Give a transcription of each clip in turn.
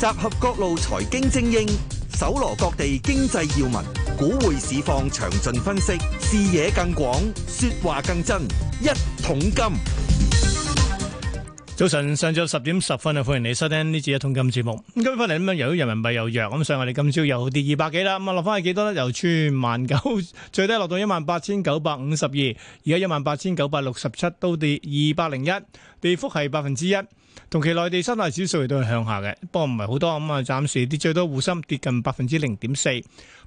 集合各路財經精英，搜羅各地經濟要聞，股匯市況詳盡分析，視野更廣，說話更真。一桶金。早晨，上晝十點十分啊，歡迎你收聽呢次一桶金節目。咁今日翻嚟咁樣，由於人民幣又弱，咁所以我哋今朝又跌二百幾啦。咁啊落翻去幾多咧？由穿萬九，最低落到一萬八千九百五十二，而家一萬八千九百六十七都跌二百零一，跌幅係百分之一。同期內地三大指數亦都係向下嘅，不過唔係好多咁啊。暫時跌最多滬深跌近百分之零點四，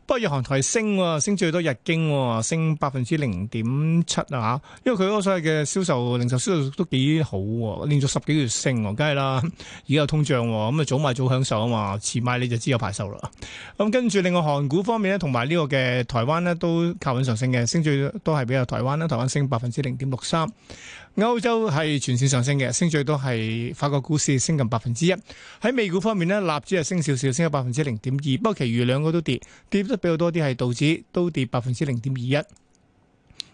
不過日韓台升喎，升最多日經升百分之零點七啊嚇。因為佢嗰個所謂嘅銷售零售銷售，銷售銷售都幾好，連續十幾個月升，梗係啦。而家有通脹，咁啊早買早享受啊嘛，遲買你就知有排受啦。咁跟住另外韓股方面呢，同埋呢個嘅台灣呢，都靠緊上升嘅，升最多都係比較台灣啦，台灣升百分之零點六三。歐洲係全線上升嘅，升最多係法國股市升近百分之一。喺美股方面咧，納指係升少少，升咗百分之零點二，不過其餘兩個都跌，跌得比較多啲係道指，都跌百分之零點二一。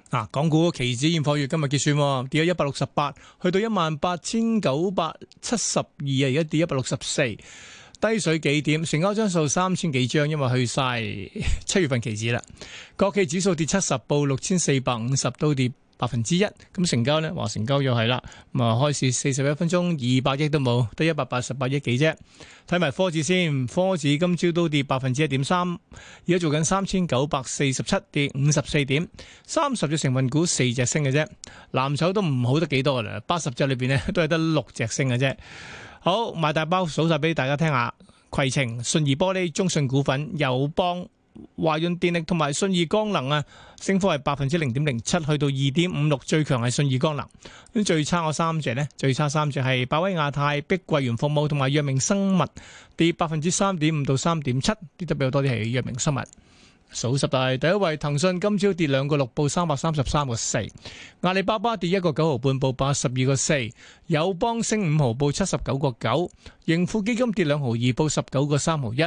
嗱，啊，港股期指現貨月今日結算，跌咗一百六十八，去到一萬八千九百七十二，而家跌一百六十四，低水幾點？成交張數三千幾張，因為去晒七月份期指啦。國企指數跌七十，報六千四百五十，都跌。百分之一咁成交呢，話成交又係啦。咁啊，開始四十一分鐘二百億都冇，得一百八十八億幾啫。睇埋科指先，科指今朝都跌百分之一點三，而家做緊三千九百四十七，跌五十四點，三十隻成分股四隻升嘅啫。藍籌都唔好得幾多啦，八十隻裏邊呢都係得六隻升嘅啫。好，買大包數晒俾大家聽下，攜程、信義玻璃、中信股份、友邦。華潤電力同埋信義光能啊，升幅係百分之零點零七，去到二點五六。最強係信義光能。咁最差個三隻呢，最差三隻係百威亞太、碧桂園服務同埋藥明生物，跌百分之三點五到三點七，跌得比較多啲係藥明生物。數十大第一位，騰訊今朝跌兩個六，報三百三十三個四；阿里巴巴跌一個九毫半，報八十二個四；友邦升五毫，報七十九個九；盈富基金跌兩毫二，報十九個三毫一；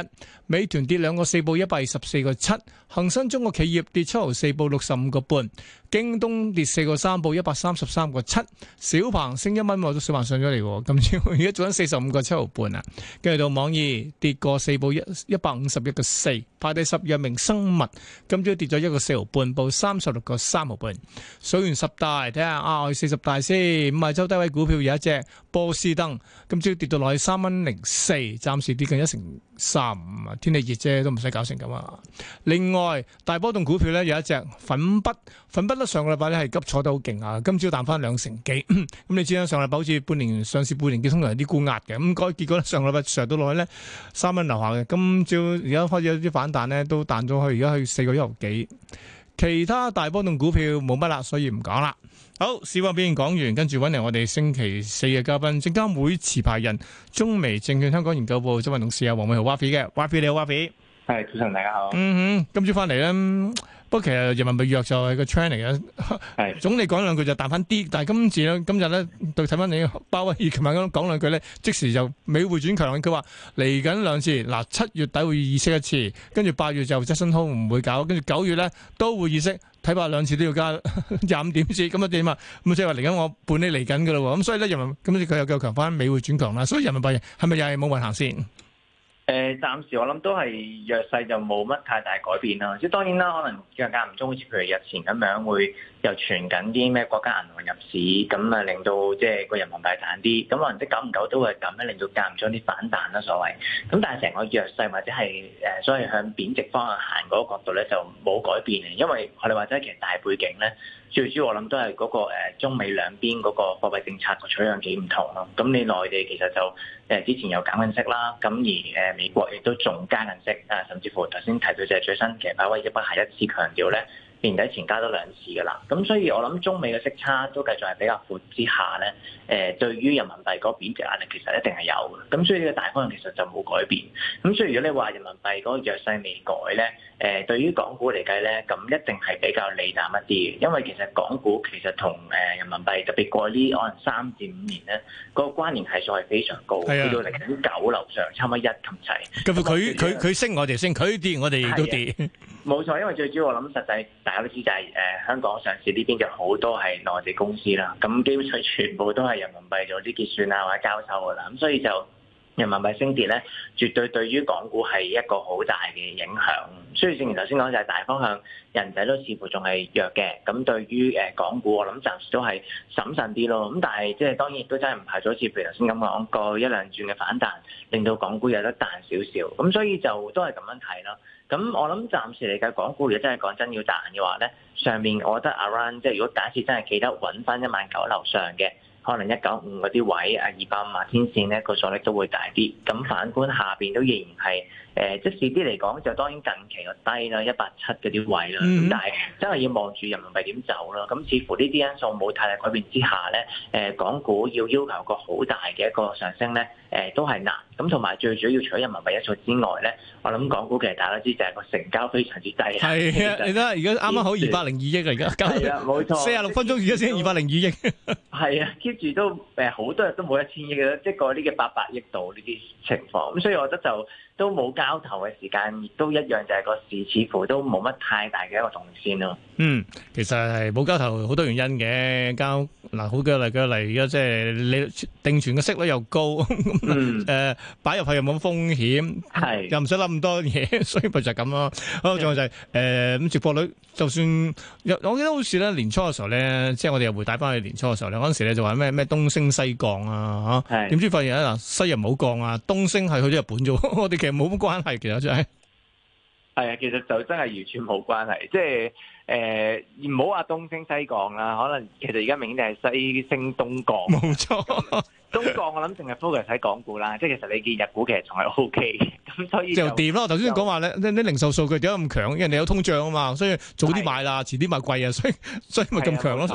美團跌兩個四，報一百二十四個七；恒生中國企業跌七毫四，報六十五個半；京東跌四個三，報一百三十三個七；小鵬升一蚊，我都小鵬上咗嚟，今朝而家做緊四十五個七毫半啊！跟住到網易跌過四，報一一百五十一個四，排第十一名，生。今朝跌咗一個四毫半，報三十六個三毫半。數完十大，睇下啊，去四十大先。唔係，周低位股票有一隻波司登，今朝跌到落去三蚊零四，暫時跌近一成。三五啊，天氣熱啫，都唔使搞成咁啊！另外，大波動股票咧有一隻粉筆，粉筆咧上個禮拜咧係急挫得好勁啊！今朝彈翻兩成幾，咁、 嗯、你知啦，上禮拜好似半年上市半年結通常係啲沽壓嘅，咁、嗯、該結果咧上個禮拜上到落去咧三蚊樓下嘅，今朝而家開始有啲反彈咧，都彈咗去，而家去四個一毫幾。其他大波動股票冇乜啦，所以唔講啦。好，市況表現講完，跟住搵嚟我哋星期四嘅嘉賓，證監會持牌人中微證券香港研究部中文董事啊，黃偉豪 Wafi 嘅。Wafi 你好，Wafi。係主持人，大家好。嗯哼，今朝翻嚟咧，不過其實人民幣弱就係個 train 嚟嘅的。係，總理講兩句就彈翻啲，但係今次咧，今日咧，對睇翻你鮑威爾琴晚咁講兩句咧，即時就美匯轉強。佢話嚟緊兩次，嗱七月底會議息一次，跟住八月就七新通唔會搞，跟住九月咧都會議息，睇怕兩次都要加廿五點先。咁啊點啊？咁即係話嚟緊我半你嚟緊噶啦。咁所以咧，人民今次佢又夠強翻美匯轉強啦。所以人民幣係咪又係冇運行先？誒，暫時我諗都係弱勢就冇乜太大改變啦，即係當然啦，可能就間唔中，好似佢哋日前咁樣會，又傳緊啲咩國家銀行入市，咁啊令到即係個人民幣彈啲，咁或者久唔久都會咁咧，令到間唔中啲反彈啦所謂。咁但係成個弱勢或者係所謂向貶值方向行嗰個角度咧，就冇改變嘅，因為我哋話齋其實大背景咧，最主要我諗都係嗰個中美兩邊嗰個貨幣政策個取向幾唔同咯。咁你內地其實就之前有減緊息啦，咁而美國亦都仲加緊息啊，甚至乎頭先提到就係最新嘅鮑威爾不下一次強調咧。年底前加多兩次㗎啦，咁所以我諗中美嘅息差都繼續係比較闊之下咧，誒、呃、對於人民幣嗰個貶值壓力其實一定係有嘅，咁所以呢個大方向其實就冇改變。咁所以如果你話人民幣嗰個弱勢未改咧，誒、呃、對於港股嚟計咧，咁一定係比較利淡一啲，因為其實港股其實同誒人民幣特別過呢可能三至五年咧，個關聯係數係非常高，去、啊、到零點九樓上差唔多一咁滯。咁佢佢佢升我哋升，佢跌我哋都跌。冇、啊、跌錯，因為最主要我諗實際。啱先就係、是、誒、呃、香港上市呢邊嘅好多係內地公司啦，咁基本上全部都係人民幣做啲結算啊或者交收噶啦，咁所以就人民幣升跌咧，絕對對於港股係一個好大嘅影響。所以正如頭先講就係、是、大方向，人仔都似乎仲係弱嘅，咁對於誒港股我諗暫時都係謹慎啲咯。咁但係即係當然亦都真係唔係再一次，譬如頭先咁講個一兩轉嘅反彈，令到港股有得彈少少，咁所以就都係咁樣睇咯。咁我諗暫時嚟計，港股如果真係講真要彈嘅話咧，上面我覺得阿 Run 即係如果假設真係記得揾翻一萬九樓上嘅。可能一九五嗰啲位啊，二百五十天線咧個阻力都會大啲。咁反觀下面都仍然係誒、呃，即使啲嚟講就當然近期又低啦，一百七嗰啲位啦。咁但係真係要望住人民幣點走啦。咁似乎呢啲因素冇太大改變之下咧、呃，港股要要求個好大嘅一個上升咧、呃，都係難。咁同埋最主要除咗人民幣因素之外咧，我諗港股其實大家都知就係個成交非常之低。係啊，你睇而家啱啱好二百零二億嚟嘅，而家冇錯，四十六分鐘而家先二百零二億。啊。 跟住都誒好多日都冇一千億啦，即係過呢個八百億度呢啲情況。咁所以我覺得就。都冇交投嘅時間，都一樣就係個市似乎都冇乜太大嘅一個動線咯。嗯，其實係冇交投好多原因嘅交嗱，好嘅例嘅例，而家即係你定存嘅息率又高，誒擺入去又冇風險，又唔使諗咁多嘢，所以咪就係咁咯。好，仲有就係誒咁，接貨率就算我記得好似咧年初嘅時候咧，即係我哋又會帶翻去年初嘅時候咧，嗰陣時咧就話咩咩東升西降啊嚇，點知發現咧嗱西又冇降啊，東升係去咗日本啫，我哋。其實冇乜關係，其實係係啊，其實就真係完全冇關係，即係誒，唔好話東升西降啦，可能其實而家明顯係西升東降，冇錯。東降我諗淨係 focus 喺港股啦，即係其實你見日股其實仲係 OK，咁所以就掂咯。頭先講話咧，啲零售數據點解咁強？因為人哋有通脹啊嘛，所以早啲買啦，遲啲買貴啊，所以所以咪咁強咯。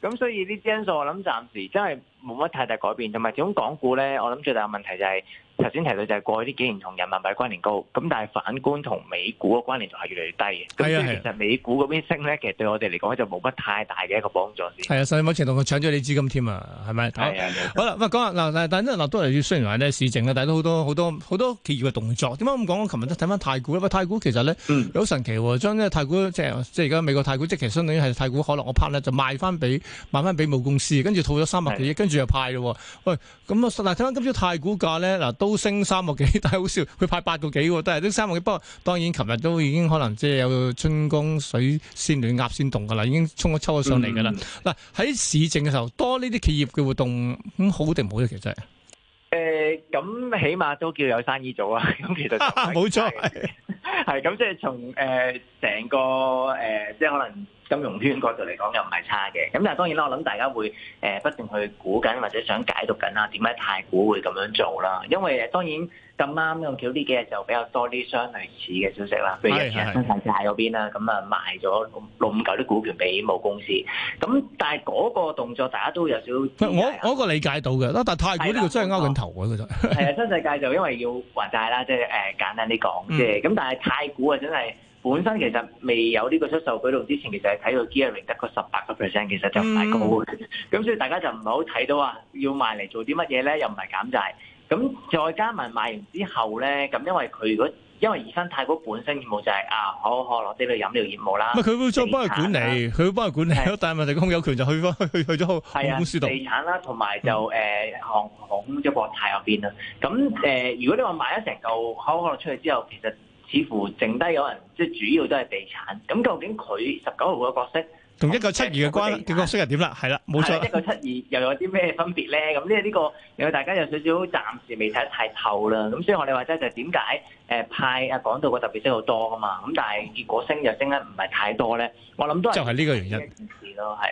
咁所以呢啲因素我諗暫時真係冇乜太大改變，同埋始終港股咧，我諗最大問題就係。頭先提到就係過去啲幾年同人民幣關聯高，咁但係反觀同美股嘅關聯度係越嚟越低嘅，咁、啊、其實美股嗰邊升咧，啊、其實對我哋嚟講就冇乜太大嘅一個幫助先。係啊，甚至某程度同佢搶咗你資金添啊，係咪、啊？好啦，喂，講下嗱，但係但係嗱，都係雖然話咧，市靜啦，但係都好多好多好多企業嘅動作。點解咁講？我琴日都睇翻太古啦，不過太古其實咧又好神奇喎，將啲、嗯、太古即係即係而家美國太古，即其實相當於係太古可樂嗰 part a 咧，就賣翻俾賣翻俾母公司，跟住套咗三百幾億，跟住的又派咯。喂，咁啊，嗱，睇翻今朝太古股價咧，嗱都。升三個幾，但係好笑，佢派八個幾，都係啲三個幾。不過當然，琴日都已經可能即係有春江水先暖，鴨先凍噶啦，已經沖咗抽咗上嚟噶啦。嗱、嗯，喺市政嘅時候多呢啲企業嘅活動，咁、嗯、好定唔好咧？其實誒，咁、嗯、起碼都叫有生意做啊。咁其實冇錯，係咁即係從誒成個誒，即、呃、係、就是、可能。金融圈角度嚟講又唔係差嘅，咁但係當然啦，我諗大家會誒、呃、不斷去估緊或者想解讀緊啦，點解太古會咁樣做啦？因為誒當然咁啱咁巧呢幾日就比較多啲相類似嘅消息啦，譬如新世界嗰邊啦，咁啊是賣咗六五九啲股權俾母公司，咁但係嗰個動作大家都有少少。我嗰個理解到嘅啦，但係太古呢度真係勾緊頭嘅嗰陣。係啊的，新 世界就因為要還債啦，即係誒簡單啲講啫，咁、嗯、但係太古啊真係。本身其實未有呢個出售舉動，之前其，其實係睇到 gearing 得個十八個 percent，其實就唔係高嘅。咁、嗯、 所以大家就唔好睇到啊，要賣嚟做啲乜嘢咧？又唔係減債。咁再加埋賣完之後咧，咁因為佢如果因為怡生太古本身業務就係、是、啊可口可樂啲嘅飲料業務啦。唔係佢會再幫佢管理，佢、啊、會幫佢管理咯。但係問題，控有權就去翻去去咗保險公司地產啦、啊，同埋、嗯、就誒、呃、航空嘅國泰嗰邊啦。咁誒、呃，如果你話賣咗成嚿可口可樂出去之後，其實。似乎剩低有人，即係主要都係地產。咁究竟佢十九號嘅角色，同一個七二嘅關產角色係點啦？係啦，冇錯。一個七二又有啲咩分別咧？咁即係呢個有大家有少少暫時未睇得太透啦。咁所以我哋話齋就點解誒派啊港島嘅特別息好多噶嘛？咁但係結果升又升得唔係太多咧。我諗都係就係呢個原因。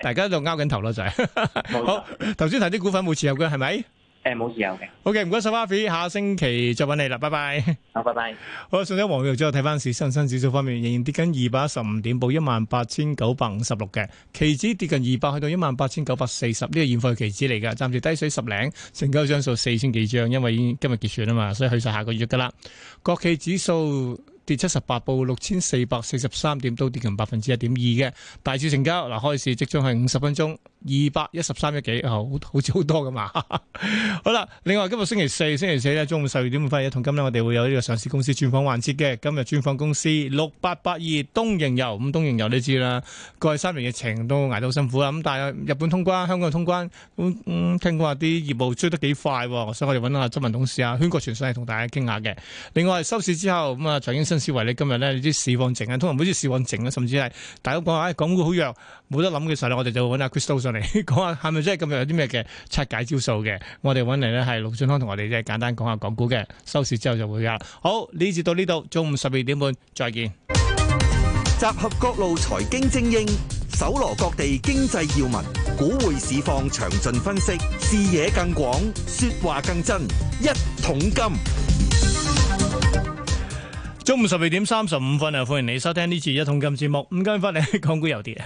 大家就拗緊頭咯，就係、是。 好，頭先睇啲股份冇持有嘅係咪？是。誒，冇自由嘅。OK，唔該，收翻飛，下星期再揾你啦，拜拜。好，拜拜。好，上咗黃玉之後，睇翻市新新指數方面，仍然跌緊二百一十五點，報一萬八千九百五十六嘅。期指跌近二百，去到一萬八千九百四十，呢個現貨期指嚟㗎，暫時低水十零，成交張數四千幾張，因為已經今日結算啊嘛，所以去晒下個月噶啦。國企指數跌七十八，報六千四百四十三點，都跌近百分之一點二嘅。大市成交嗱，開市即將係五十分鐘。二百一十三億幾，好好似好多㗎嘛。 好啦，另外今日星期四，星期四咧，中午十二點翻嚟，同今日我哋會有呢個上市公司專訪環節嘅。今日專訪公司六八八二東瀛遊，咁東瀛遊你知啦，過去三年疫情都捱到辛苦啦。咁但係日本通關，香港通關，咁、嗯、聽講話啲業務追得幾快，所以我哋揾阿執民董事啊，禤國全嚟同大家傾下嘅。另外收市之後咁啊，財經新思維你今日呢，你啲市況靜啊，通常好似市況靜啊，甚至係大家都講話誒港股好弱，冇得諗嘅時候咧，我哋就揾阿 Crystal。嚟講下係咪真係今日有啲咩嘅拆解招數嘅？我哋揾嚟咧係陸俊康同我哋即係簡單講下港股嘅收市之後就會㗎啦。好，呢節到呢度，中午十二點半再見。集合各路財經精英，搜羅各地經濟要聞，股匯市況詳盡分析，視野更廣，說話更真，一桶金。中午十二點三十五分啊，歡迎你收聽呢次一桶金節目。五今日翻嚟，港股又跌，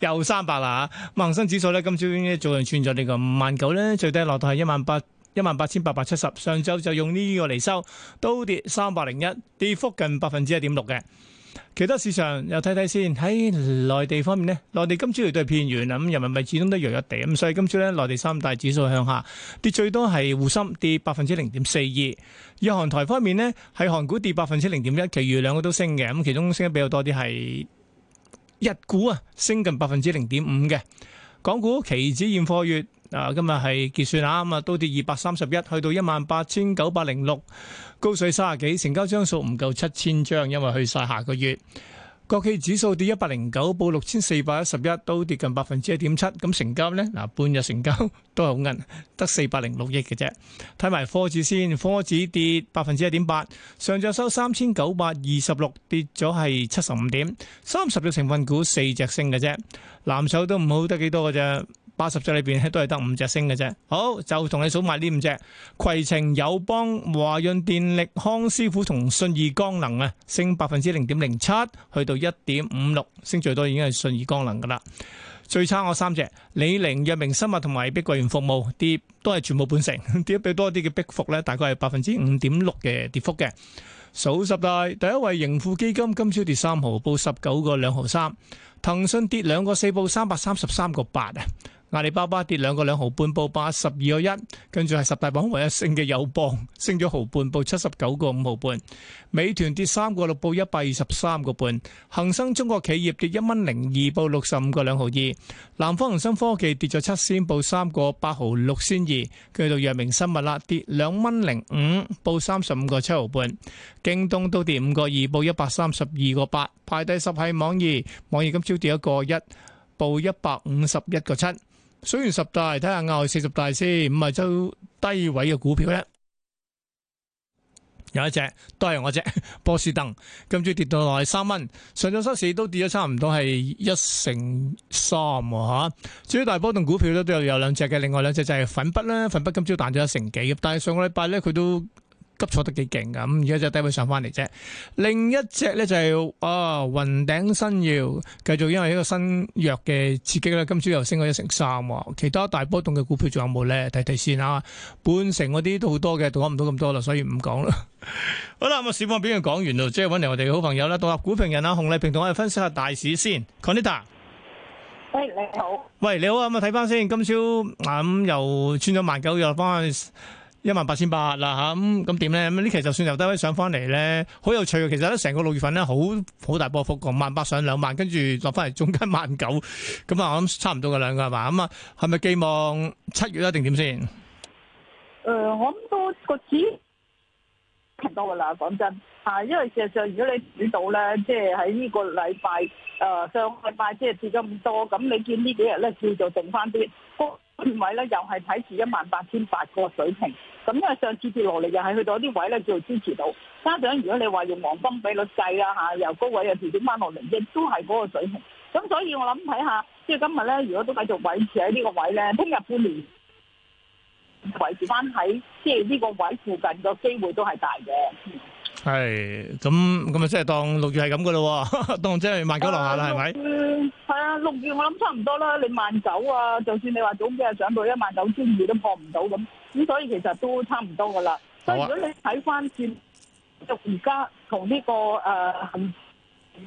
又三百啦吓。恒生指數咧，今朝早又穿咗呢個五萬九咧，最低落到係一萬八，一萬八千八百七十。上晝就用呢個嚟收，都跌三百零一，跌幅近百分之一點六嘅。其他市場又睇睇先，喺內地方面咧，內地今朝亦都係偏軟啦，咁人民幣始終都弱弱地，咁所以今朝咧內地三大指數向下跌最多係滬深跌百分之零點四二，而韓台方面咧係韓股跌百分之零點一，其餘兩個都升嘅，咁其中升得比較多啲係日股啊，升近百分之零點五嘅。港股期指現貨月啊，今日係結算啊，啊都跌二百三十一，去到一萬八千九百零六，高水三十幾，成交張數唔夠七千張，因為去晒下個月。國企指數跌一百零九，報六千四百一十一，都跌近百分之一點七。咁成交呢？嗱，半日成交都係好陰，得四百零六億嘅啫。睇埋科指先，科指跌百分之一點八，上晝收三千九百二十六，跌咗係七十五點。三十隻成分股四隻升嘅啫，藍籌都唔好得幾多嘅啫。八十隻裏邊係都係得五隻升嘅啫，好就同你數埋呢五隻：攜程、友邦、華潤電力、康師傅同信義光能啊，升百分之零點零七，去到一點五六，升最多已經係信義光能噶啦。最差我三隻：李寧、藥明生物同埋碧桂園服務跌，都係全部半成跌，俾多啲嘅逼幅咧，大概係百分之五點六嘅跌幅嘅。數十大第一位盈富基金今朝跌三毫，報十九個兩毫三；騰訊跌兩個四，報三百三十三個八啊。阿里巴巴跌兩個兩毫半，報八十二個一。跟住係十大榜唯一升嘅有磅，升咗毫半，報七十九個五毫半。美團跌三個六，報一百二十三個半。恒生中國企業跌一蚊零二，報六十五個兩毫二。南方恒生科技跌咗七仙，報三個八毫六仙二。跟住到藥明生物啦，跌兩蚊零五，報三十五個七毫半。京東都跌五個二，報一百三十二個八。排第十係網易，網易今朝跌一個一，報一百五十一個七。數完十大，睇下牛四十大先，唔係周低位嘅股票咧。有一隻都係我隻波司登，今朝跌到落嚟三蚊，上咗收市都跌咗差唔多係一成三吓、啊。至於大波動股票咧，都有有兩隻嘅，另外兩隻就係粉筆啦，粉筆今朝彈咗一成幾，但係上個禮拜咧佢都。急挫得幾勁噶，咁而家就低位上翻嚟啫。另一隻呢、就係，就係啊雲頂新耀，繼續因為一個新藥嘅刺激啦，今朝又升咗一成三喎。其他大波動嘅股票仲有冇咧？睇睇先嚇，半成嗰啲都好多嘅，講唔到咁多啦，所以唔講啦。 好啦，咁、嗯、啊，市況表要講完啦，即係搵嚟我哋嘅好朋友啦，獨立股評人啊，洪麗平同我哋分析下大市先。c o n a t a 喂你好，喂你好，咁啊睇翻先，今朝咁、嗯、又穿咗萬九入翻。一萬八千八啦嚇，咁咁點咧？咁呢期就算由低位上翻嚟咧，好有趣嘅。其實咧，成個六月份咧，好好大波幅，個萬八上兩萬，跟住落翻嚟總計萬九，咁啊，我諗差唔多嘅兩個係嘛？咁啊，係咪寄望七月啊？定點先？誒，我諗都個錢多㗎啦，講真嚇，因為事實上如果你指到咧，即係喺呢個禮拜誒上個禮拜，即係跌咗咁多，咁你見呢幾日咧叫做定翻啲高位咧，又係睇住一萬八千八個水平。咁因為上次跌落嚟又係去到啲位咧，叫做支持到。加上如果你話用黃金比率計呀，吓，由高位又調整翻落嚟，亦都係嗰個水平。咁所以我諗睇下，即係今日咧，如果都繼續維持喺呢個位咧，聽日半年維持翻喺即係呢個位附近嘅機會都係大嘅。係咁咁咪即係當六月係咁噶咯，當即係萬九落下啦，係咪？嗯，係啊，六月,吧、啊、月我諗差唔多啦。你萬九啊，就算你話總嘅上到一萬九千二都破唔到咁，咁所以其實都差唔多噶啦。啊、所以如果你睇翻轉，就而家同呢個誒，九、呃、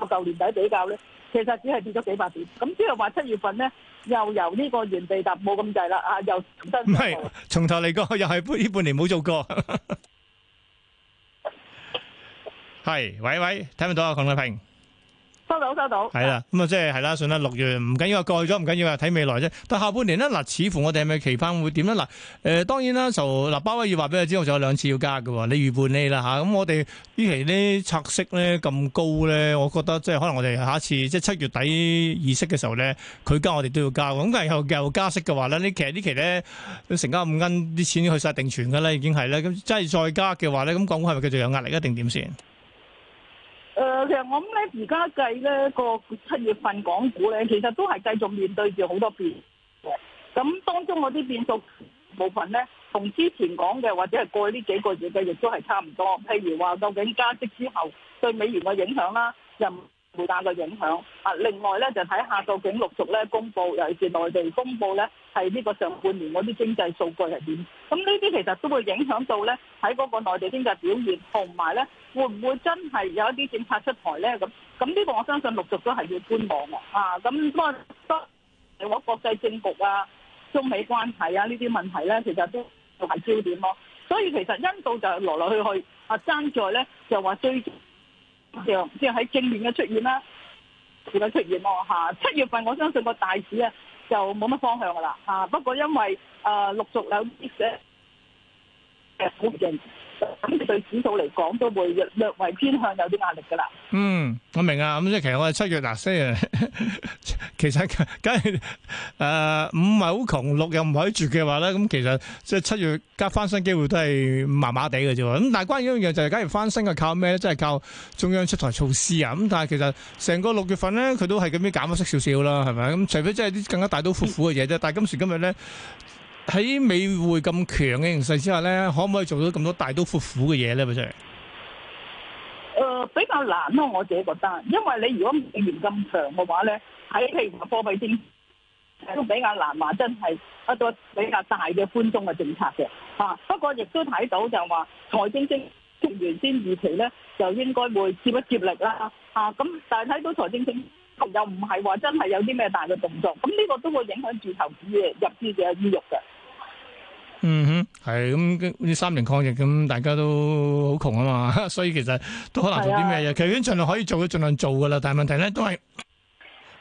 舊年底比較咧，其實只係跌咗幾百點。咁之後話七月份咧，又由呢個原地踏步咁滯啦，啊，又唔係，從頭嚟過，又係呢半年冇做過。 係，喂喂，睇唔到啊，鄺麗萍，收到的收到，係啦的，咁啊，即係係啦，算啦，六月唔緊要啊，過咗唔緊要啊，睇未來啫。但下半年咧，嗱，似乎我哋係咪期翻會點咧？嗱，誒，當然啦，就嗱，巴，呃、威爾話俾你知，我仲有兩次要加嘅。你預判你啦吓，咁，啊、我哋呢期的呢，拆息咧咁高咧，我覺得即係可能我哋下一次即係七月底議息嘅時候咧，佢加我哋都要加的。咁但係又加息嘅話咧，你其實期呢期咧，成家五蚊啲錢去晒定存噶啦，已經係咧。咁即係再加嘅話咧，咁港股係咪繼續有壓力一定點先？誒、呃，其實我諗咧，而家計咧個七月份港股咧，其實都係繼續面對住好多變。咁當中嗰啲變數部分咧，同之前講嘅或者係過去呢幾個月嘅亦都係差唔多。譬如話，究竟加息之後對美元嘅影響啦、啊，又幾大嘅影響，啊，另外咧就睇下究竟陸續咧公佈，尤其是內地公布咧係呢個上半年嗰啲經濟數據係點，咁呢啲其實都會影響到咧喺嗰個內地經濟表現，同埋咧會唔會真係有一啲政策出台咧？咁咁呢個我相信陸續都係要觀望嘅，啊，咁不過都你話國際政局啊、中美關係啊呢啲問題咧，其實都係焦點咯，所以其實因素就來來去去啊，爭在咧就話最。即係喺正面嘅出現啦，時間出現咯吓，七月份我相信個大市啊就冇乜方向噶啦吓，不過因為誒陸續有啲嘅誒好勁。咁對指數嚟講都會略為偏向有啲壓力噶啦。嗯，我明啊，咁即係其實我係七月拿息啊。其實梗係誒，五唔係好窮，六又唔可以住嘅話咧，咁其實即係七月加翻身機會都係麻麻地嘅啫。咁但係關於一樣嘢就係、是，假如翻身係靠咩咧？即係靠中央出台措施啊。咁但係其實成個六月份咧，佢都係咁樣減咗息少少啦，係咪？咁除非即係啲更加大刀闊斧嘅嘢啫。但係今時今日咧。喺美匯咁強嘅形勢之下咧，可唔可以做到咁多大刀闊斧嘅嘢咧？咪即係？誒比較難咯，我自己覺得，因為你如果美元咁強嘅話咧，喺譬如話貨幣貶，都比較難話真係一個比較大嘅寬鬆嘅政策嘅嚇。不過亦都睇到就話財政政策同原先預期咧，就應該會接一接力啦嚇。咁但係睇到財政政策又唔係話真係有啲咩大嘅動作，咁呢個都會影響住投資嘅入市者嘅意欲嘅。嗯哼，係咁，呢、嗯、三年抗疫咁、嗯，大家都好窮啊嘛，所以其實都可能做啲咩嘢，啊、其實已經盡量可以做嘅盡量做噶啦。但係問題咧，都係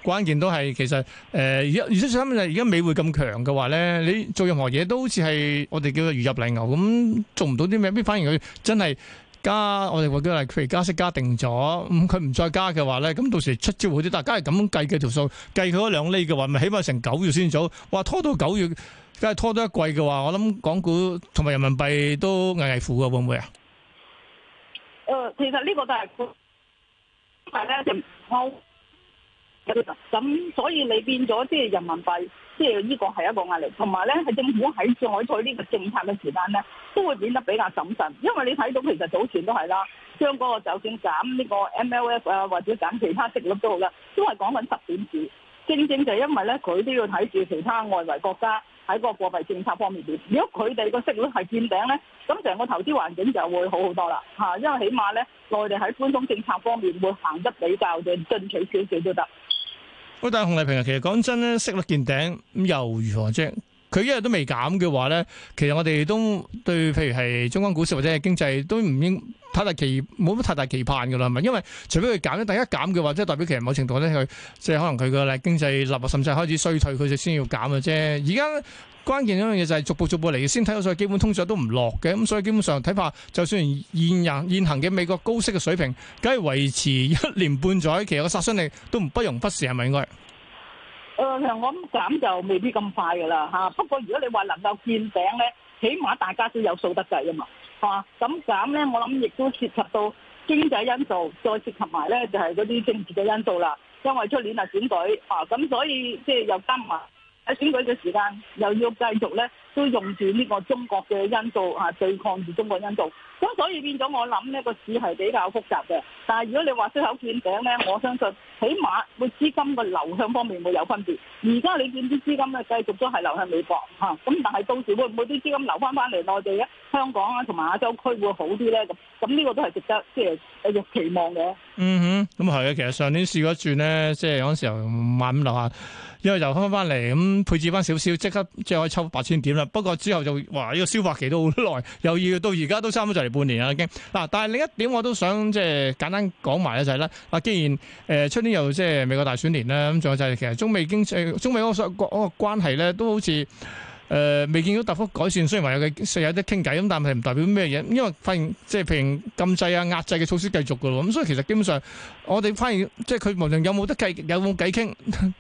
關鍵都係，其實誒、呃，而家如果三日而家美匯咁強嘅話咧，你做任何嘢都好似係我哋叫做如入泥牛咁，做唔到啲咩，咩反而佢真係加，我哋話叫譬如加息加定咗，咁佢唔再加嘅話咧，咁到時出招好啲。大家係咁計嘅條數，計佢嗰兩厘嘅話，咪起碼成九月先做，哇，拖到九月。係拖多一季嘅話，我諗港股同埋人民幣都危危苦嘅，會唔會啊？誒、呃，其實這個都呢個就係，但係咧就咁，所以你變咗即係人民幣，即係呢個係一個壓力，同埋咧係政府喺採取呢個政策嘅時間咧，都會變得比較審慎，因為你睇到其實早前都係啦，將個就算減呢個 MLF 啊，或者減其他息率都好啦，都係講緊十點字，正正就係因為咧佢都要睇住其他外圍國家。喺個貨幣政策方面邊，如果佢哋個息率係見頂咧，咁成個投資環境就會好好多啦吓，因為起碼咧內地喺寬鬆政策方面會行得比較嘅進取少少都得。喂，但係洪麗萍啊，其實講真咧，息率見頂咁又如何啫？佢一日都未減嘅話咧，其實我哋都對，譬如係中港股市或者係經濟都唔應。太大期冇乜太大期盼噶啦，係咪？因為除非佢減咧，第一減嘅話，即係代表其實某程度咧，佢即係可能佢個經濟立甚至開始衰退，佢就先要減嘅啫。而家關鍵一樣嘢，就係逐步逐步嚟，先睇到所以基本通脹都唔落嘅，咁所以基本上睇怕，就算現行現行嘅美國高息嘅水平，梗係維持一年半載，其實個殺傷力都不容忽視，係咪應該？誒、呃，我諗減就未必咁快噶啦，吓、啊。不過如果你話能夠見頂咧，起碼大家都有數得計噶嘛。啊，咁噉咧，我諗亦都涉及到經濟因素，再涉及埋咧就係嗰啲政治嘅因素啦。因為出年啊選舉啊，咁、啊、所以即係又加埋喺選舉嘅時間，又要繼續咧。都用住呢個中國嘅因素啊，對抗住中國因素，咁所以變咗我諗呢個市係比較複雜嘅。但係如果你話出口見頂咧，我相信起碼會資金嘅流向方面會有分別。而家你見啲資金咧繼續都係流向美國嚇，咁但係到時會唔會啲資金流翻翻嚟內地咧，香港啊同埋亞洲區會好啲咧？咁咁呢個都係值得即係誒期望嘅。嗯哼，咁啊係啊，其實上年試過一轉咧，即係嗰陣時候萬五樓下，之後又翻翻嚟，咁配置翻少少，即刻即係可以抽八千點啦。不過之後就哇呢個消化期都好耐，又要到而家都差唔多就嚟半年啦已經。嗱，但係另一點我都想即係簡單講埋一陣啦。嗱，既然誒出年又即係美國大選年啦，咁仲有就係其實中美經濟、中美嗰個關嗰個關係咧，都好似。誒、呃，未見到大幅改善，雖然話有嘅，有啲傾偈咁，但係唔代表咩嘢，因為發現即係譬如禁制啊、壓制嘅措施繼續嘅咯，咁所以其實基本上我哋發現，即係佢無論有冇得計，有冇偈傾，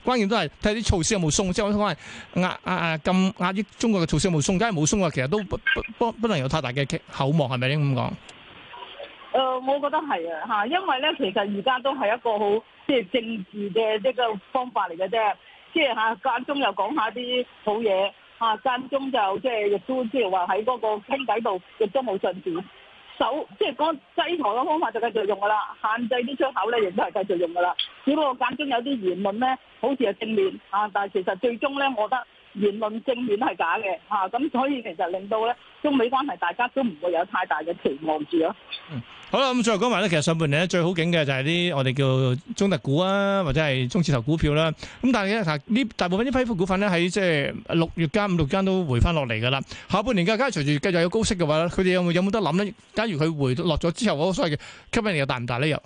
關鍵都係睇啲措施有冇鬆，即係我講係壓啊啊咁壓抑中國嘅措施有冇鬆，梗係冇鬆嘅，其實都不不，不能有太大嘅厚望，係咪應咁講？誒、呃，我覺得係啊，嚇，因為咧，其實而家都係一個好即係政治嘅一個方法嚟嘅啫，即係嚇間中又講下啲好嘢。啊，間中就、就是就是就是中就是、即係亦都即係話喺嗰個傾偈度亦都冇進展，守即係嗰制裁嘅方法就繼續用噶啦，限制啲出口咧亦都係繼續用噶啦，只不過間中有啲言論咧，好似係正面啊，但係其實最終咧，我覺得。言論正面都係假嘅嚇，咁、啊、所以其實令到咧中美關係大家都唔會有太大嘅期望住、啊、咯。嗯，好啦，咁最後講埋咧，其實上半年咧最好景嘅就係啲我哋叫中特股啊，或者係中字頭股票啦。咁但係呢大部分啲批幅股份咧喺即係六月間五六間都回翻落嚟㗎啦。下半年嘅，梗係隨住繼續有高息嘅話咧，佢哋有冇有冇得諗咧？假如佢回落咗之後嗰個所謂嘅吸引力又大唔大咧？又，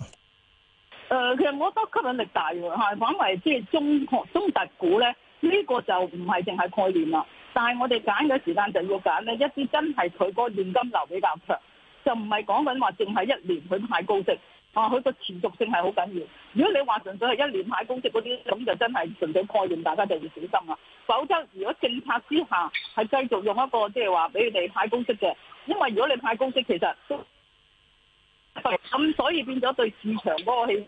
誒，其實我覺得吸引力大、啊、反為即係中中特股咧。呢個就唔係淨係概念啦，但係我哋揀嘅時間就要揀咧一啲真係佢個現金流比較強，就唔係講緊話淨係一年佢派高息啊，佢個持續性係好緊要。如果你話純粹係一年派高息嗰啲，咁就真係純粹概念，大家就要小心啦。否則，如果政策之下係繼續用一個即係話俾你哋派高息嘅，因為如果你派高息，其實都係咁，咁所以變咗對市場嗰個氣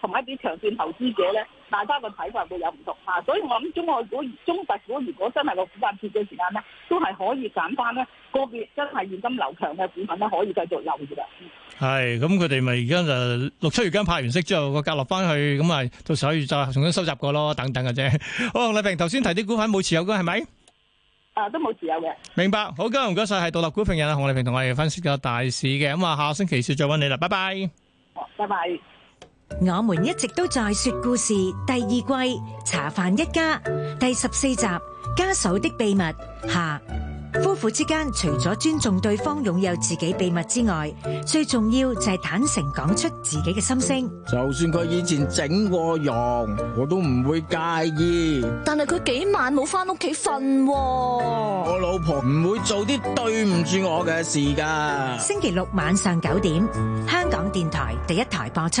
同埋一啲長線投資者咧。大家個睇法會有唔同嚇，所以我諗中外股、中特股，如果真係個股價跌嘅時間咧，都係可以揀翻咧個別真係現金流強嘅股份咧，可以繼續有嘅。嗯，係咁，佢哋咪而家就六七月間派完息之後，個價落翻去，咁咪到時可以再重新收集過咯，等等嘅啫。好，洪麗萍頭先提啲股份冇持有嘅係咪？啊，都冇持有嘅。明白，好，今日唔該曬，係獨立股評人啊，洪麗萍同我哋分析個大市嘅。咁啊，下個星期先再揾你啦，拜拜。好，拜拜。我們一直都在說故事第二季《茶飯一家》第十四集《家嫂的秘密》下。夫婦之間，除咗尊重對方擁有自己秘密之外，最重要就係坦誠講出自己嘅心聲。就算佢以前整過容，我都唔會介意。但係佢幾晚冇返屋企瞓喎。我老婆唔會做啲對唔住我嘅事㗎。星期六晚上九點，香港電台第一台播出。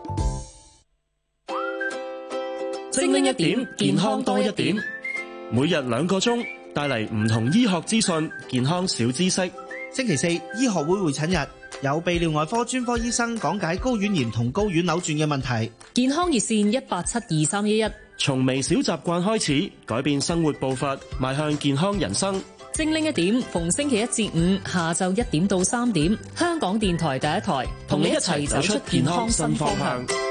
精靈一點，健康多一點。每日兩個鐘，帶嚟唔同醫學資訊、健康小知識。星期四醫學會會診日，有泌尿外科專科醫生講解睾丸炎同睾丸扭轉嘅問題。健康熱線一八七二三一一。從微小習慣開始，改變生活步伐，邁向健康人生。精靈一點，逢星期一至五下晝一點到三點，香港電台第一台，同你一齊走出健康新方向。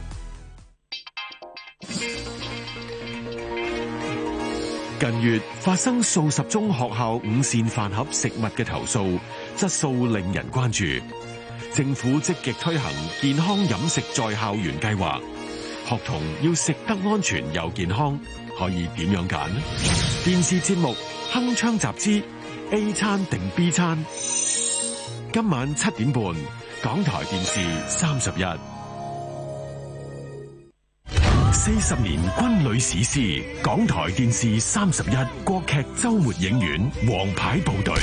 近月發生數十宗學校午膳飯盒食物嘅投訴，質素令人關注。政府積極推行健康飲食在校園計劃，學童要食得安全又健康，可以點樣揀？電視節目《鏗鏘集之》，A 餐定 B 餐？今晚七點半，港台電視三十一。四十年軍旅史詩，港台電視三十一國劇周末影院王牌部隊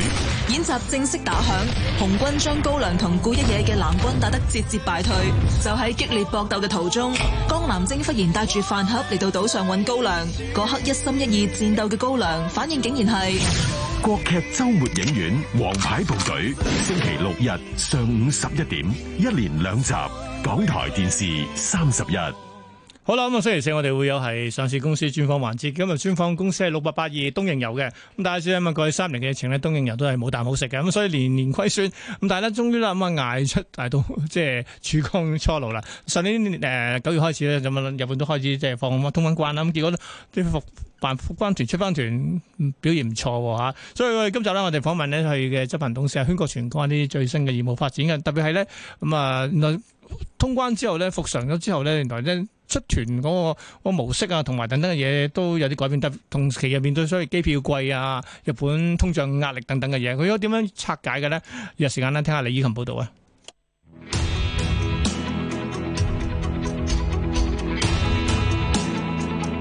演習正式打響，紅軍將高粱同顧一野嘅藍軍打得節節敗退。就喺激烈搏鬥嘅途中，江南征忽然帶住飯盒嚟到島上揾高粱。嗰刻一心一意戰鬥嘅高粱，反應竟然係國劇周末影院王牌部隊。星期六日上午十一點，一連兩集，港台電視三十一。好啦，咁啊星期四我哋會有係上市公司專訪環節，今日專訪公司係六八八二東瀛遊嘅，咁但係過去三年嘅疫情咧，東瀛遊都係冇啖好食嘅，咁所以年年虧損，咁但係咧終於啦，咁啊捱出大到即係曙光初露啦，上年誒九月開始咧，咁日本都開始即係放通關關啦，咁結果啲復辦復翻團出翻團表現唔錯吓，所以我哋今日咧我哋訪問呢佢嘅執行董事軒國全關於啲最新嘅業務發展嘅，特別係咧咁啊。通關之後咧，復常咗之後咧，原來咧出團嗰、嗰個、嗰個模式啊，同埋等等嘅嘢都有啲改變，得同時期入面對所謂機票貴啊、日本通脹壓力等等嘅嘢，佢應該點樣拆解嘅咧？有時間咧聽下李依琴報道啊！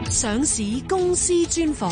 上市公司專訪。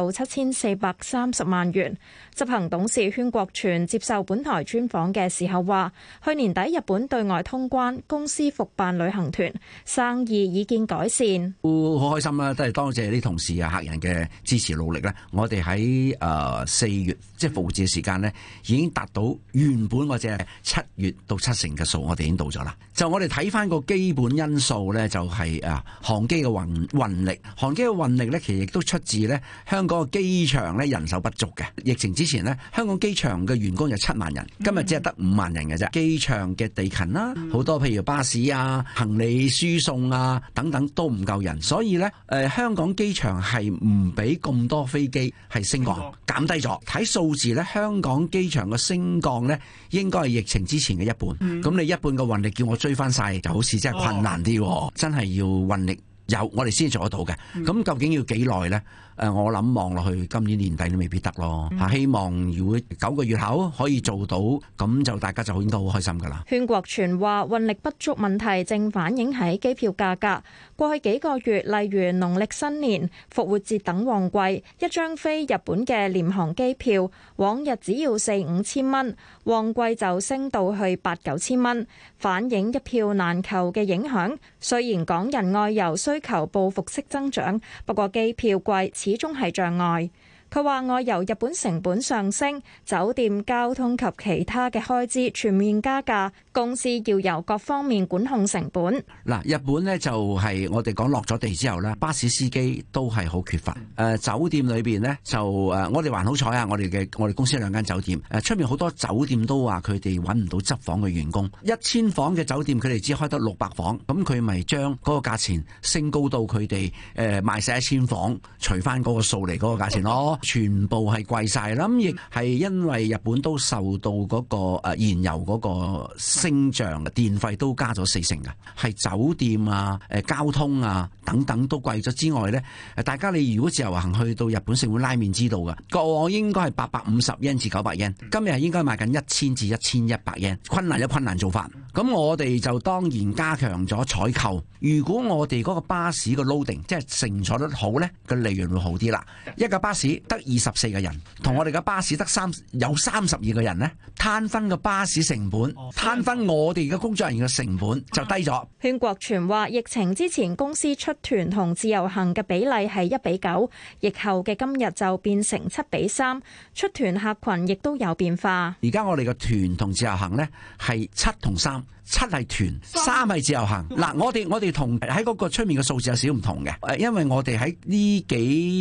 到七千四百三十萬元。執行董事宣國全接受本台專訪嘅時候話，去年底日本對外通關，公司復辦旅行團，生意已見改善。好、哦、開心啊！都係多謝啲同事啊、客人嘅支持努力咧。我哋喺誒四月即係復活節嘅時間咧，已經達到原本我只係七月到七成嘅數，我哋已經到咗啦。就我哋睇翻個基本因素咧，就係誒航機嘅運運力，航機嘅運力咧，其實亦都出自咧香港。個機場咧，人手不足嘅，疫情之前呢，香港機場嘅員工有七萬人，今日只係得五萬人嘅啫。機場嘅地勤啦，好多譬如巴士啊、行李輸送啊等等都唔夠人，所以呢，誒、呃、香港機場係唔俾咁多飛機係升降減低咗。睇數字呢，香港機場嘅升降呢應該係疫情之前嘅一半。咁、嗯、你一半嘅運力叫我追翻晒，就好似真係困難啲，哦、真係要運力有我哋先做得到嘅。咁究竟要幾耐呢？誒，我諗望落去，今年年底都未必得咯。嚇，希望如果九個月後可以做到，咁就大家就應該好開心㗎啦。圈國傳話運力不足問題正反映喺機票價格。過去幾個月，例如農曆新年、復活節等旺季，一張飛日本嘅廉航機票，往日只要四五千蚊，旺季就升到去八九千蚊，反映一票難求嘅影響。雖然港人外遊需求報復式增長，不過機票貴，始終係障礙。佢話外遊日本成本上升，酒店、交通及其他嘅開支全面加價。公司要由各方面管控成本。嗱，日本呢就係我哋講落咗地之後咧，巴士司機都係好缺乏。誒、呃，酒店裏邊呢就誒，我哋還好彩啊，我哋嘅我哋公司有兩間酒店。誒、呃，出面好多酒店都話佢哋揾唔到執房嘅員工。一千房嘅酒店佢哋只開得六百房，咁佢咪將嗰個價錢升高到佢哋誒賣晒一千房，除翻嗰個數嚟嗰個價錢咯。 全部係貴晒啦，咁亦係因為日本都受到嗰個誒燃油嗰、那個。升漲嘅電費都加咗四成嘅，係酒店啊、誒交通啊等等都貴咗之外呢，大家你如果自由行去到日本，食碗拉麵知道嘅，過往應該係八百五十 yen 至九百 yen，今日係應該賣緊一千至一千一百 yen。困難有困難做法，咁我哋就當然加強咗採購。如果我哋嗰個巴士嘅 loading，即係乘坐得好呢，個利潤會好啲啦。一架巴士得二十四個人，同我哋嘅巴士得三有三十二個人呢，攤分個巴士成本，攤分我哋嘅工作人員嘅成本就低咗。軒國全話，疫情之前公司出團同自由行嘅比例係一比九，疫後嘅今日就變成七比三。出團客群亦都有變化。而家我哋嘅團同自由行呢，係七同三。七係團，三係自由行。嗱， 我哋我哋同喺嗰個出面嘅數字有少少唔同嘅，因為我哋喺呢幾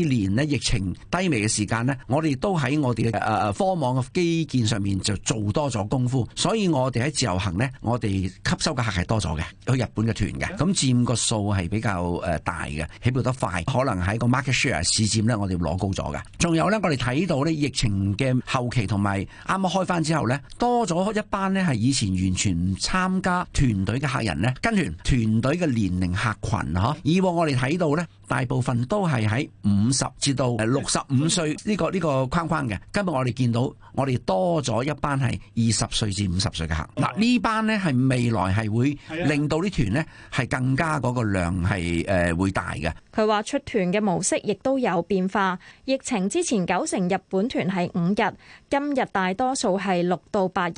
年呢疫情低微嘅時間呢，我哋都喺我哋嘅科網嘅基建上面就做多咗功夫，所以我哋喺自由行呢，我哋吸收嘅客係多咗嘅，去日本嘅團嘅，咁佔個數係比較大嘅，起步得快，可能喺個 market share 市佔呢，我哋攞高咗嘅。仲有呢，我哋睇到呢疫情嘅後期同埋啱啱開返之後呢，多咗一班呢係以前完全唔參。加團隊嘅客人呢，跟團，團隊嘅年齡客群嗬，以往我哋睇到呢，大部分都係喺五十至到六十五歲呢個呢個框框嘅。今日我哋見到，我哋多咗一班係二十歲至五十歲嘅客。嗱呢班呢，係未來係會令到啲團呢係更加嗰個量係誒會大嘅。佢話出團嘅模式亦都有變化，疫情之前九成日本團係五日，今日大多數係六到八日。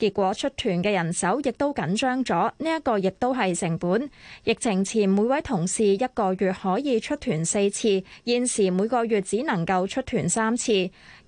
結果出團嘅人手亦都緊張咗，呢一個亦都係成本。疫情前每位同事一個月可以出團四次，現時每個月只能夠出團三次。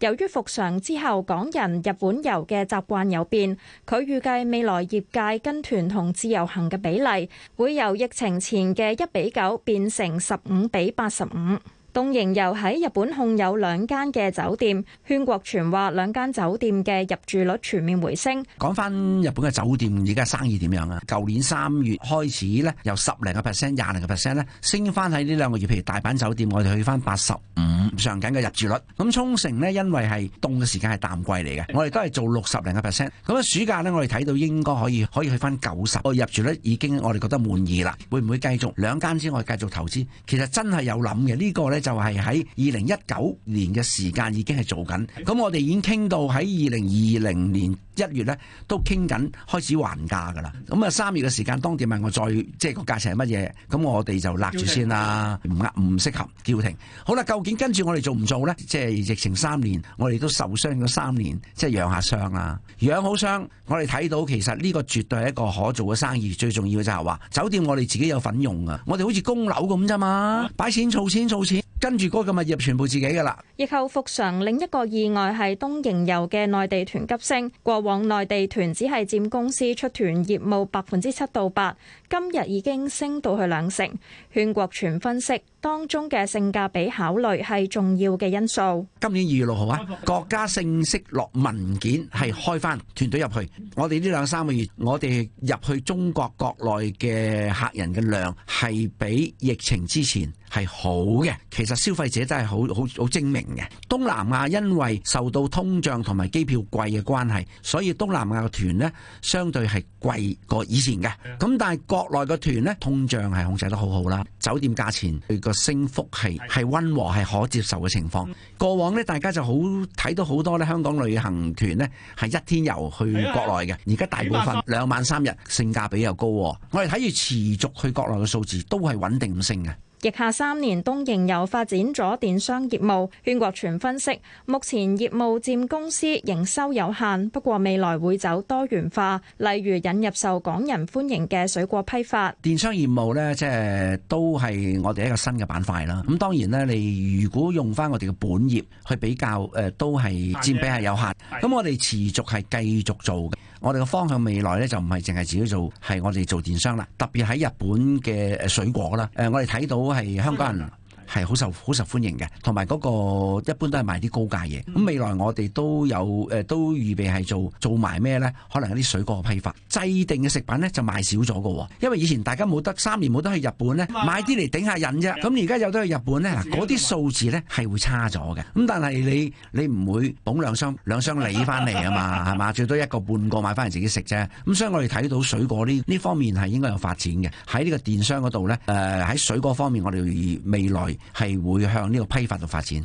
由於復常之後，港人日本遊嘅習慣有變，佢預計未來業界跟團同自由行嘅比例會由疫情前嘅一比九變成十五比八十五。東瀛又喺日本控有兩間嘅酒店，禤國全話兩間酒店嘅入住率全面回升。講翻日本嘅酒店，而家生意點樣啊？舊年三月開始咧，由十零個 percent、廿零個 percent 咧，升翻喺呢兩個月，譬如大阪酒店，我哋去翻八十五上緊嘅入住率。咁沖繩呢，因為係凍嘅時間係淡季嚟嘅，我哋都係做六十零個 percent。咁啊暑假呢，我哋睇到應該可以可以去翻九十，我哋個入住率，已經我哋覺得滿意啦。會唔會繼續兩間之外繼續投資？其實真係有諗嘅、這個、呢個咧。就係喺二零一九年嘅時間已經係做緊，咁我哋已經傾到喺二零二零年一月呢，都傾緊開始還價噶啦。咁啊三月嘅時間，當店問我再即係個價錢係乜嘢？咁我哋就擸住先啦，唔壓唔適合叫停。好啦，究竟跟住我哋做唔做呢？即係疫情三年，我哋都受傷咗三年，即係養下傷啦、啊。養好傷，我哋睇到其實呢個絕對係一個可做嘅生意。最重要就係話酒店，我哋自己有份用啊，我哋好似供樓咁咋嘛，擺錢儲錢儲錢。跟住嗰個物業全部自己嘅啦，疫後復常，另一個意外係東營遊嘅內地團急升。過往內地團只係佔公司出團業務百分之七到八。今日已經升到去兩成，勸國全分析當中嘅性價比考慮係重要嘅因素。今年二月六號啊，國家正式落文件係開返團隊入去。我哋呢兩三個月，我哋入去中國國內嘅客人嘅量係比疫情之前係好嘅。其實消費者真係好好好精明嘅。東南亞因為受到通脹同埋機票貴嘅關係，所以東南亞嘅團呢，相對係貴過以前嘅。咁但係國國內個團咧，通脹係控制得好好啦，酒店價錢佢個升幅係係温和，係可接受嘅情況。過往呢，大家就好睇到好多咧，香港旅行團咧係一天遊去國內嘅，而家大部分兩晚三日，性價比又高。我哋睇住持續去國內嘅數字，都係穩定性嘅。疫下三年，東營又發展咗電商業務。圈國全分析，目前業務佔公司營收有限，不過未來會走多元化，例如引入受港人歡迎嘅水果批發。電商業務呢，即係都係我哋一個新嘅板塊啦。咁當然咧，你如果用翻我哋嘅本業去比較，誒都係佔比係有限。咁我哋持續係繼續做嘅。我哋嘅方向未來呢，就唔係淨係自己做，係我哋做電商啦。特別喺日本嘅水果啦，我哋睇到係香港人。係好受好受歡迎嘅，同埋嗰個一般都係賣啲高價嘢。咁未來我哋都有、呃、都預備係做做埋咩咧？可能有啲水果批發，製定嘅食品咧就賣少咗喎。因為以前大家冇得三年冇得去日本咧，買啲嚟頂下癮啫。咁而家有得去日本咧，嗰啲數字咧係會差咗嘅。咁但係你你唔會捧兩箱兩箱梨翻嚟啊嘛，係嘛？ 最多一個半個買翻嚟自己食啫。咁所以我哋睇到水果呢呢方面係應該有發展嘅。喺呢個電商嗰度咧，喺、呃、水果方面，我哋未來，係會向呢個批發度發展。